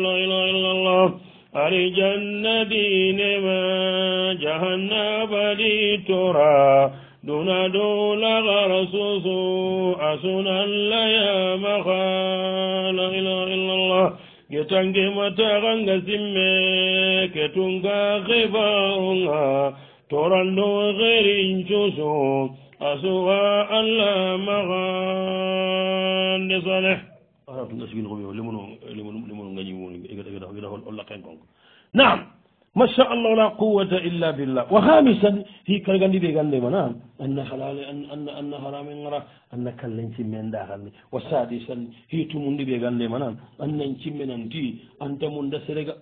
la ilaha illallah ari janna dinema jahannabadi tora دون دول غرسوس أسنا ليا مخا لا إله إلا الله كتنك متغنك سمي كتنك خبارنا ترنو غير انشوشو أسوا ألا مخا لصالح أرى تنسوين غبيو لمنو لمنو لمنو نعم masha allah wala quwata illa billah wa hamisan hi kal gandi ɓe gande mana anna halal anna harami gara anna kallen cimmen daxanni wa sadisan hi tumundi ɓe gande mana annan cimme nanti antamunda serega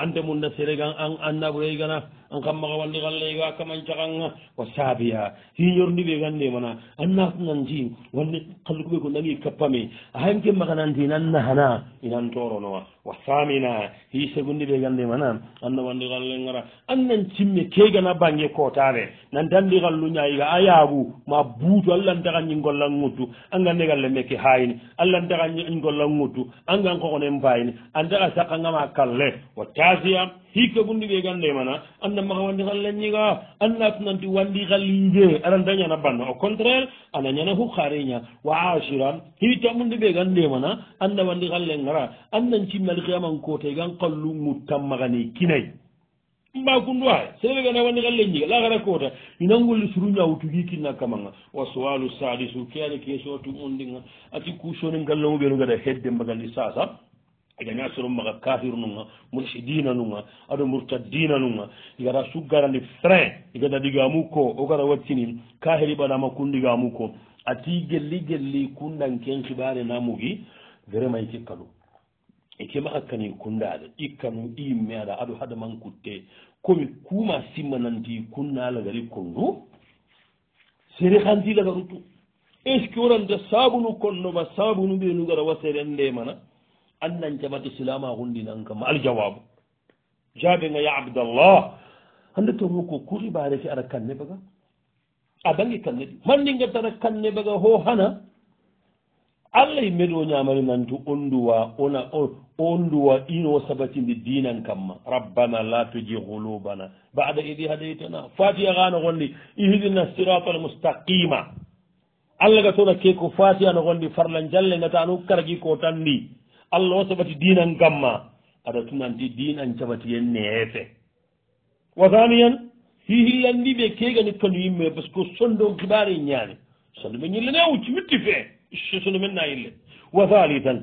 antamunda serega an annaɓuregana an kam maxa walli xalleyga kaman caxanga ko saabiya siñornuɓe gande mana an nasnanti walli xalluɓe ko nangi kappame ahanke maxananti nan naxana inan toronowa wa samina hi segundi ɓe gande mana anna wandi xalle ngara an nan cimme kegana bange kotane nan tandi xallu ñayiga a yaagu ma buutu allantaxañi ngolla ŋuttu angande galle meke hayini allantaxañi ngolla ŋuttu angan xoxonen bayini antaxa saqangama kalle wa tasiya hikka bundi ɓe gande mana anna maka wandi xal le ñiga annatunanti wandi xalinje aɗan dañana banna au contraire ana ñana hu xareña wa asiran hiɗitta bundi ɓe gande mana anna wandi xal le ngara annan cimmali xiyamankote gan qallu ngutta maxani kinay mba kundu ay seleɓe gana wandi xal le ñiga laxara kota ina ngolli suru ñawutugi kinna kamanga wa soalu sadis u ke ani kesotu undinga ati cushoni ngallamuɓenu gada hedde mbagandi sasa gaña soro maga kafir nuga mursidina nuga aɗo murtadina nuga igata suggarandi frein igata ɗigamu ko ogata wattini ka heɗiɓaɗama kunɗigamu ko ati gelli gelli kundan ken hibare namugi vraiment ikikkalu ike maga kani kundaɗa ikkanu iyimme aɗa aɗo haɗaman kutte komi kuma simma nanti kunnalagari kondu seri hantilagaruttu est ce que oranta sabunu konnoma sabunu ɓenugara wa sere ndemana annan jaɓata silama hundinan kam aljawabu jaɓega ya abdallah hande to mu ko kuri bare fi arkan ne baga a bange kanne ɗi mandi gaddata ne baga ho hana allah e meɗo nan to onduwa ona onduwa ino sabati di dinan kamma rabbana la tuji ghulubana bada idi hadaytana fatiha gano gondi ihdina siratal mustaqima allah ga tona ke ko fatiha no gondi farlan jalle gata anu karagi ko tanndi allah o saɓati diinan gamma aɗa tunanti diinan jaɓati yen neefe wasaami yen hihiyanndi ɓe keegani kandu yimɓe par ce que sondo giɓaari ñaani sondu men ñillene wucci witti fee sondu men nayille wa haali tan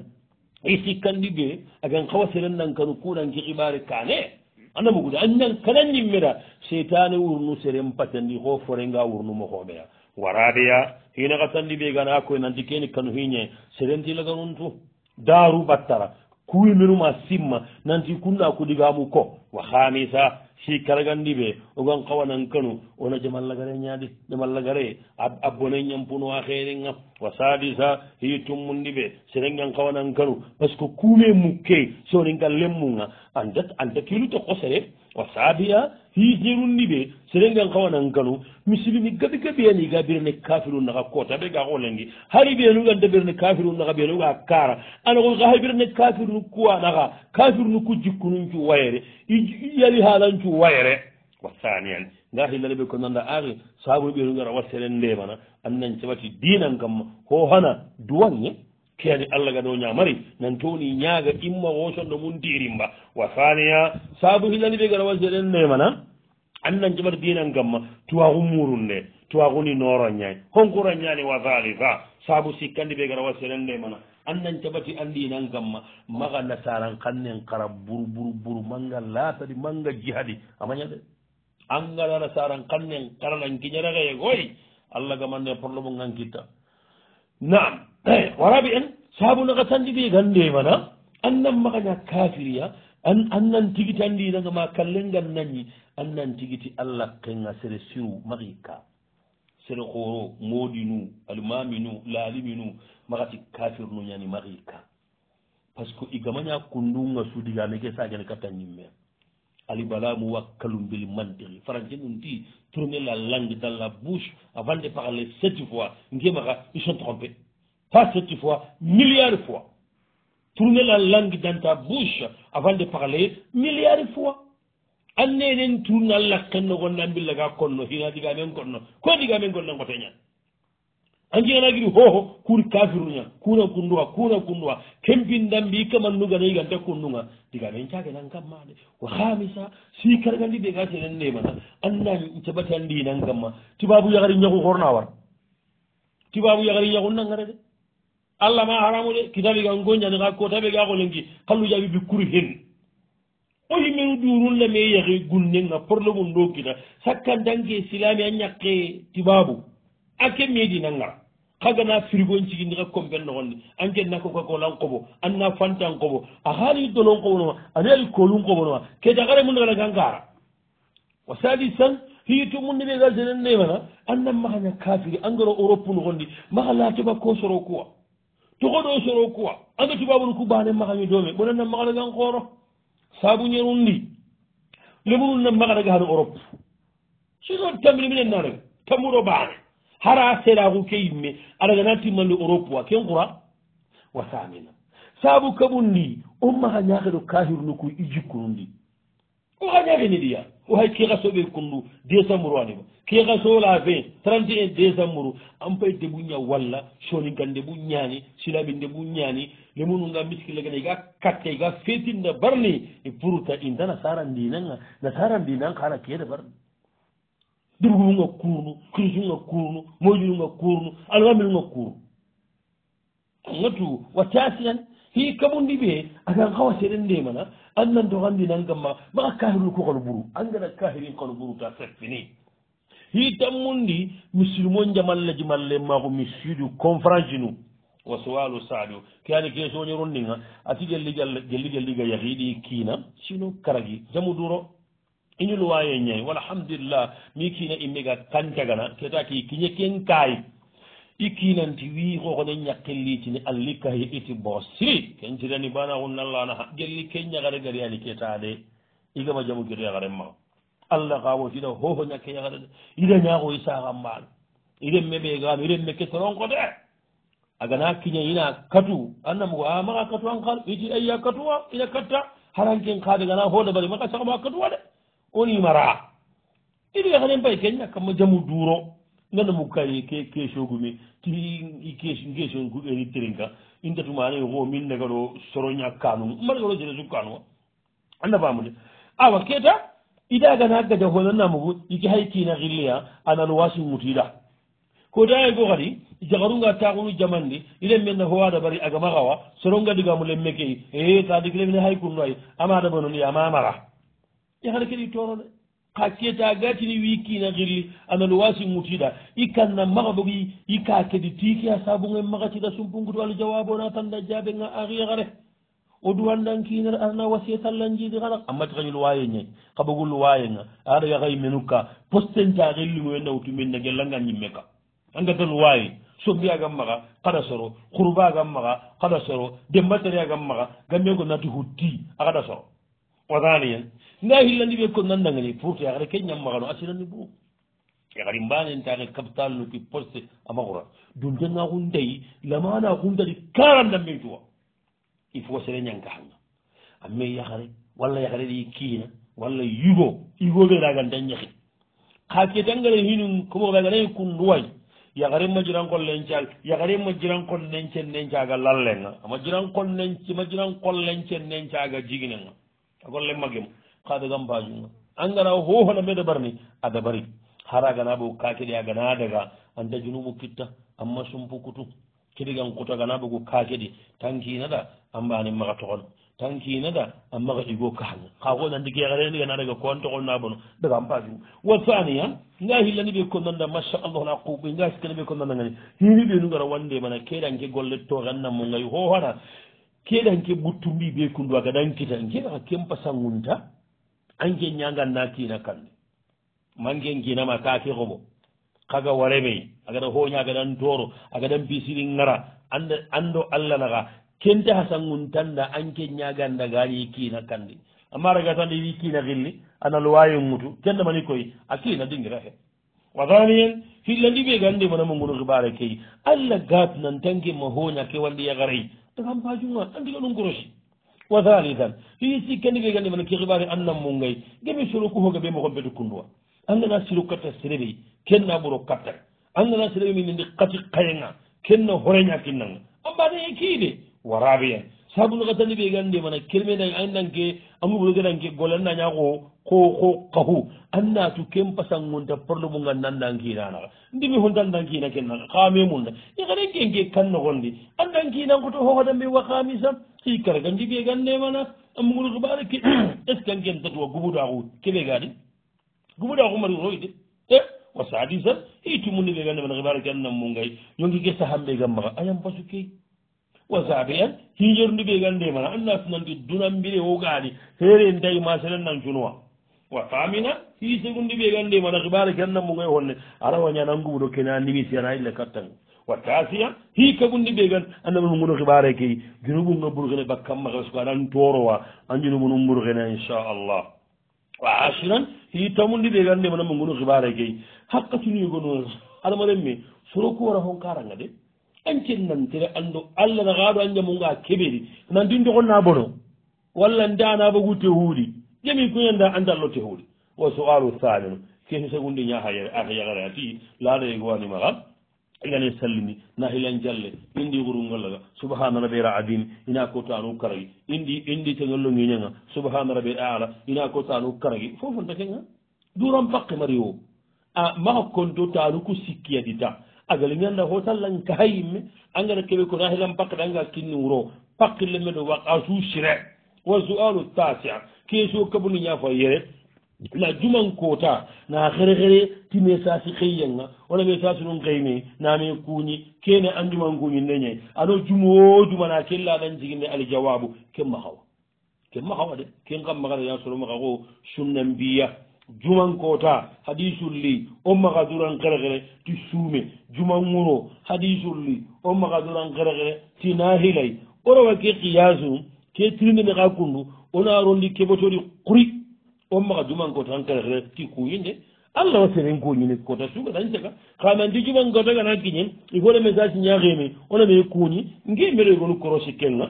isi e kandi ɓe agen hawa seren nan kanu kuuranki xiɓaari kaane anamugude annan kana ñimmira seytane wurnu seren patandi ho forenga wurnu mo hooɓeya waraadeya hiine xa tandi ɓe gana koy nanti keeni kanu hiñe serentilaganuntu daaru ɓattara kuwiminuma simma nanti kunɗa kuɗigamu ko wa hamisa si karaganndi ɓe ogon kawa nan kanu ona jamallagare ñaadi jamallagare abbone ñampuno a heere ga wa sadisa hi tummundi ɓe serengan kawa nan kanu par ce que kuume mukke sooringa lemmu ga andat andakiluta kosere o saabiya hijerunni ɓe serenngen kawanan kanu musilimi gaɓi gaɓi yani ga birene kafiru naka kota ɓe ga xolengi hari ɓeenu ganda birene kafiru naka ɓeenu ga kara ana koy xa birene kafirnu kuwa naka kafirnu ku jikkununcu wayere yali halancu wayere wa saniyan nga xillale ɓe ko nanda axe saabu ɓeenu ngara wa seren ndemana annan cabati dinan kamma ho hana duwange keyani allah gano ñamari nan towni ñaaga imma wosonno mum tirimba wa saniya saabu hilani ɓe gara wasdeɗen nemana annan jaɓata dinan gamma tuwaku murum nde tuwakuni noroñay honku roñani wa halisa saabu sikkandi ɓe gara wasdeɗen nemana annan jaɓati andinan gamma maga nasaran kannen kara buru buru buru manga laatadi manga jihadi amañade angala nasaran kannen karanan kiñaraga ye goy allah gamanne e probléme ngan kitta naam waraɓe en saabunaka tandi ɗi gan ndemana an nan magaña kafiriya an an nan tigiti an ndinaga ma kallel ngal nañi an nan tigiti allah kenga sere siru maki ka sere koro moɗinu almaminu laaliminu magati kafirnu ñani maki ka par ce que i gamaña kundunga suudiga meke sagene kattan ñimmen alibalamu wakkalum bel mantiki franci ɗum ti tourner la langue dans la bouche avant de parler sept fois ngemaka i sont trompé pas sette fois milliard fois tourner la langue dans ta bouche avant de parler milliard fois an nenen tourna lakkanno gonna mbillaga konno hina diga men konno ko diga men gonna ngote ñan anjiganagiri hoho kuuri kafiruña kuna kunduwa kuna kunduwa kembindan mbi kamannuganayigante kunduga diga men cagenan kammade ko hamisa si kargandi ɓe gasenen nemana annani cabatandinan kamma tibabu yagari ñagu horna war tibabu yagari ñagu nangarede allah ma haramude kitabiga goñani ga ko tabiga kolengi kallu jaɓi bikkuri hen o himmen durun le me yahi gunnenga probléme ɗo kita sakkan dangue silami a ñakke tibabu anke medinangara kagana frigo cigindi ka compen nogonde anke nakokakolan kobo anna fantan kobo a hali dolon kobo noma anali kolun kobo noma kedakare mundagala gankara wasadi san hiyito munde ɓe gasenen nemana annan mahaña kafiri angara europe nogondi maha latoba kosoro quoi toxo ɗo soro quwa anga tubabunu ku bane maxañu doome bona na maxa dagan xooro saabu ñerundi lemunu na maxa daga han europe sino tambini mine na rek tamuro bane hara seraxu ke yimme a daga nan timmandi europe wa ken xura wasamina saabu kabundi o maxa ñaxeɗo kahirnu ku i jikkunundi o xa ñaxe ni ɗiya o hay kiikasoɓe kunndu décembre wani ba kiikasola 20 31 décembre ampay de buña walla soninga nde bu ñaani silaɓi nde bu ñaani lemununga miskillagana ga katte ga fetinna barni e pourta inda nasara ndinanga nasara ndinan kala keede barni dirgunga kurnu krisunga kurnu moƴununga kurnu alwamilunga kurnu angatu wa tasiyan hi kabundi ɓe agan kawa seɗen ndemana an nan to ganndi nangam ma ma a kahirlu kokalo ɓuru anngana kahirin kalo ɓuru ta sefini hi tan mundi mi silmon jamallaji malle mako mi sidu conférence nu waso walo sadio keani kesoñe ron ndin ha ati jelli jelliga yahiiɗi kiina sino karagi jamu duro inul waye ñayi walhamdulillah mi kiina immega kancagana ketaki kiñe ken kaayi ikkinanti wii kokoɗen ñakkelliitini allika he iti boosiri kencirani bana gunnallana ha gelli kenñakare gari ani ketaade igama jamukiro yakaren ma allah kawotino hoho ñakke yakarede ida ñaako i e sakan mbaan iren meɓe gaam iren me kesoronko de agana kiña ina katu annamugo a ah, maka katu an kal iti ayi a katuwa ina katta haranken kaade gana hoode bari maka sakama a katuwa de onimara ide yakanen bay kenñakkamma jamu duuro nana e e e mu kañ ke keesogumi ti ikeesgeeso guɓeeni tirinka indatumaane yoko min negaɗo soroña kanum mbaɗgaɗo jene su kanuma anda famu de awa keeta idagana gaja hoona namugu ike hay tiina xilleya anan waasi mutiɗa ko dayego xadi jaxarunga taxunu jamandi ilen men na fo adabari agama xawa sorongadigamu len meke e tandikilemine hay kunnoay ama adabanoni ama mara yaxade keɗi toono de ka keta gatini wi kina xirli anan wasi mutiɗa i kanna maxaɓogi i ka kedi tiki a sabunge maxatiɗa sumpungutu al jawabo na tanda jaɓe ga axiyaxare o duwandan kinar ana wasietallanjidi xana amati xañul wayeñe xaɓogul wayenga aɗaga xay menuka postenta xillingoyo nawtumenna gellanga ñimme ka a ngatan waye sombi agam maxa xaɗa soro xurba agam maxa xaɗa soro dembasari agam maxa gamego nati hutti a xaɗa soro osaniyen nda hillandi ɓe ko nandanga ni pourto yaxare ke ñammaxano a sinani bo yaxari mbanentaxe capital no ki poste amaxura duntanga xuntay lamana xuntadi karandamen cuwa il faut sene ñangkaxanga ame yaxare walla yaxarede i kiina walla yugo yugoɓe raganta ñaxi xa ketangare hinu comoxoɓeganayi kunduway yaxare ma jiran qol lencal yaxare ma jiran qol nencen nencaga lallenga ama jiran qol nenc ma jiran qol lencen nencaga jiginenga a gollemagemo kaade gam bajuno angara hohono mbeɗa barni a dabari hara gana ɓe kakeɗe a gana daga an dajunumo kitta amma sumpu kutu kedigan kuta gana ɓe go kakeɗe tan kinaɗa ambani maga togon tan kinaɗa an maga ɗigo kaña ka koɗandi kekareni gana daga koan togon nabono daga an bajuno wa thania nga hillani ɓe konnanda machallahu la kuɓe nga sikkani ɓe konnanda gani hini ɓe nugara wande mana keɗanke golle toxennamo gay hohona keɗanke ɓuttumbi ɓe kundu a gaɗan kita kenaa kempa sangunta angen ñangan na kiina kamɗe mangen ginama kaake xomo kaga waremey agaɗa hoña agaɗan tooro agaɗan bisiri ngara ando allah naxa kente xa sangumtanda anke ñaganda gaañi kiina kamɗe amma ragatanɗa yii kiina xilli ana lowayo ŋutu kendamani koy a kiina dingira xe wadaniyen xillandi ɓegandi manama ngunu xibare key allah gaat nan tangema hoña ke wandiyaxarey dagam pajunga andiga num groci wa halitan yi si kendigegandi mana ke xibari an nan mungay gemi soro kuhoga ɓe moxon ɓetu kunduwa an nana siro katta sereɓe kenna ɓuro katta an nana sereɓe minindi kati kayenga kenna horeña kinnanga an mbaɗa e kiide waraɓeyen sabuno xatandi ɓegandi mana kelmena an nanke amuɓurogenanke golannañaxo ko xo kahu an natu ken pasangonta parlemunga nandankinanaxa ndimi ho ndandankina kennaa xame munda i xaren kenke kannoxondi andankinan koto xoxadambe wa xamisam si karagandi ɓe gandemana amugol hibare ke est ce que anguen datuwa gubuɗaku keɓe gaɗi gubuɗaku mari royde e wa saadi san hitumunde ɓe gandemana hibare ke annan mu gay yonki ke sahamɓe e gammaa ayam basu key wa saabe an hijerndu ɓe gandemana anna finandi dunambire o gaɗi heere dayi ma senannan cunowa wa famina hi segundi ɓe gandemana hibare ke annan mu gay honne arawañanangubuɗo kena nimisi ana illa kattan wa tasia hikka gundi ɓegan annama mu gono xiɓare key junubu nga ɓurgene ɓa kamma xe sque aɗan torowa an junubu num ɓurgene inchallah wa asiran hitamundi ɓegan de manama gono xiɓare key hakka sunuyegono aɗama renme soroku wara honkaranga de an cennan tere anndo allah naxaaɗo an jamunga keɓeri nanti ndoxonna bono walla ndanaba gute huuɗi jami kuñanda andallote huuɗi wa soalu thaninu kesi sagundi ñaha yere axyaxere ati laaɗa yegowanimaxa igane sallini na hilen jalle indi gurungollaga subhana rabi l adim ina kotanu karagi indi indi tegollongiñanga subhana rabi l ala ina kotanu karagi fofontakenga duran pakki mario a maa konto tanu ku sikkiyadita agalinganda hotallan kahayimme angana keɓe kono hilan pakkida anga kinni wuro pakkille meɗo wa asu sire wa sual tasia keso kabuni ñafa yere la juman kota na xere xere time sasi xeyyanga wala me sasi num xeyne name kuñi kene anduman guñinde ñay ano jumwo jumana ken laɗan jiginde aljawabu ken maxawa ken maxawa de ken xam maxana yasolo maxa xo sunna mbiya juman kota hadisul li o maxa duran xere xere ti suume juman ŋuro hadisul li o maxa duran xere xere ti nahilay o rawa ke xiyasum ke tirindene xa kundu ona rondi keɓotori quri on maka jumankoto han kala ti kuyinde allah wa senen kuñini kota suga tan caka kamanti jumankotagana kiñen il faut le message ñaxemi onami kuñi ngemeroygolu croce kenga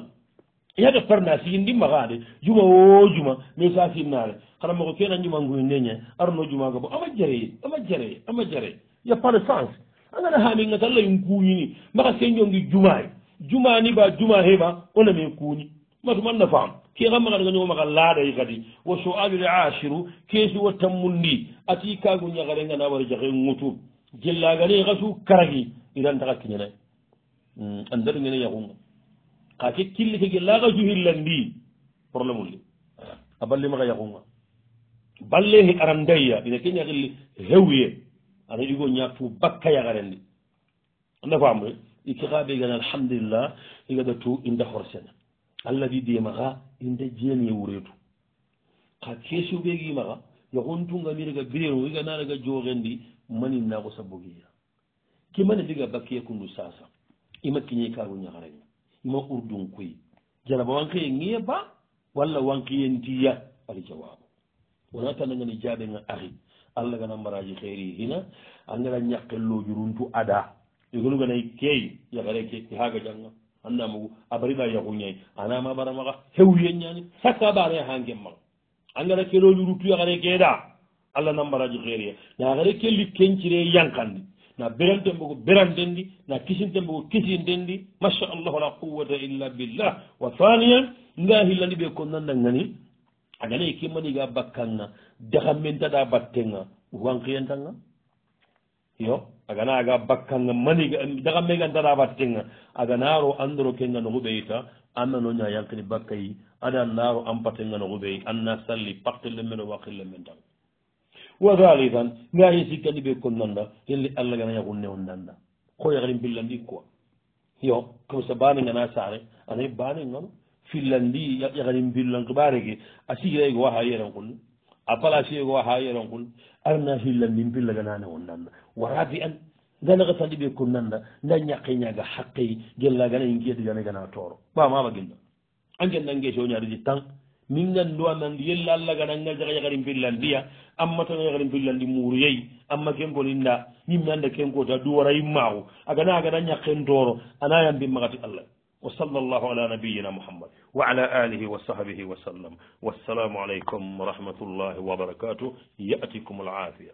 yaga farna siyindi maxade juma wo juma mais sa finnare xana moxo kena jumanguyindeña arno jumaga bo ama jare ama jare ama jare ya pas de sens angana haminngata layin kuñini maxa sen jongi jumay e. jumani ba juma heɓa onami kuñi matuma nafaam kega magani gañomaga laaɗay kadi wo soalul asiru keesi wo tammundi ati kaagu ñagarenganaa wara jahe ŋutu jellagani kasu karagi irantaxa kiñanayi andaɗungene yaxunga xa ke killi ke gellaga suhillandi probléme ulli a ballimaxa yaxunga balle he arandayya ina ke ñaxilli hewye ana ɗigo ñaatu bakka yaxarendi anda faamre i ke xa ɓegan alhamdulillah i gaɗa tu inda horsena allah wi de maxa inde jeeni wuretu xa keesio ɓegi maxa yoxontunga miraga birero iga naraga jooxendi mani naxo sabogiya ke mane diga bakke kundu sasa ima kiñe kaaru ñaxarañ ima urdun koy jaraba wankee ŋee ba walla wankeyen tiya ali jawabu wona tanangani jaɓenga axi allah gana maraji xeeri hina angara ñakkelloojuruntu ada yogonuganay key yaxare ke ihaaga jangam andamugu abarida yahuñayi anama baramaga hewuyeñani sakabare hangemmaga angara keroñurutu yahare geeɗa allah nambaraji heeriya nahare kelli kencire yankandi na berantenbogo berandendi na kisintenbogo kisindendi machallah la quwata illa billah wa thaniyan nga hillandi ɓe konnandangani agana e kimmaniga bakkanga dehammentaɗa battenga uhankiyentanga yo agana aga bakkanga maniga dakammega darabatteŋa aga naro andoro kenga no huɓey ta annanoña yankini bakkayi ada naro ampatenga no huɓey anna salli pattelle men o wakille men tan wasalitan ngaye sikkandi ɓe kon nanda yelli allah gana yahunne on nanda koyakrin billandi quoi yo comme sa bane ngana sare anay bane ngano fillandi yakarin billan kiɓareke a sigirayi ko waha yeren kunni a placé go ha yeron kun arna hillandin pillaga nane on nanda warabi an ganaka saliɓe kon nanda nda ñakke ñaga haqqe gellagana inkiyetigana gana tooro ɓamaɓa gilna angen nange soñaruji tan min gandu anand yella allahganaga jagajagarin pillandiya ammata jagarin pillandi muruyeyi amma kenkoninda yimmi anda kenkota duwara yimmaku agana agana ñakken tooro ana yambin magati allah وصلى الله على نبينا محمد وعلى آله وصحبه وسلم والسلام عليكم ورحمة الله وبركاته يأتيكم العافية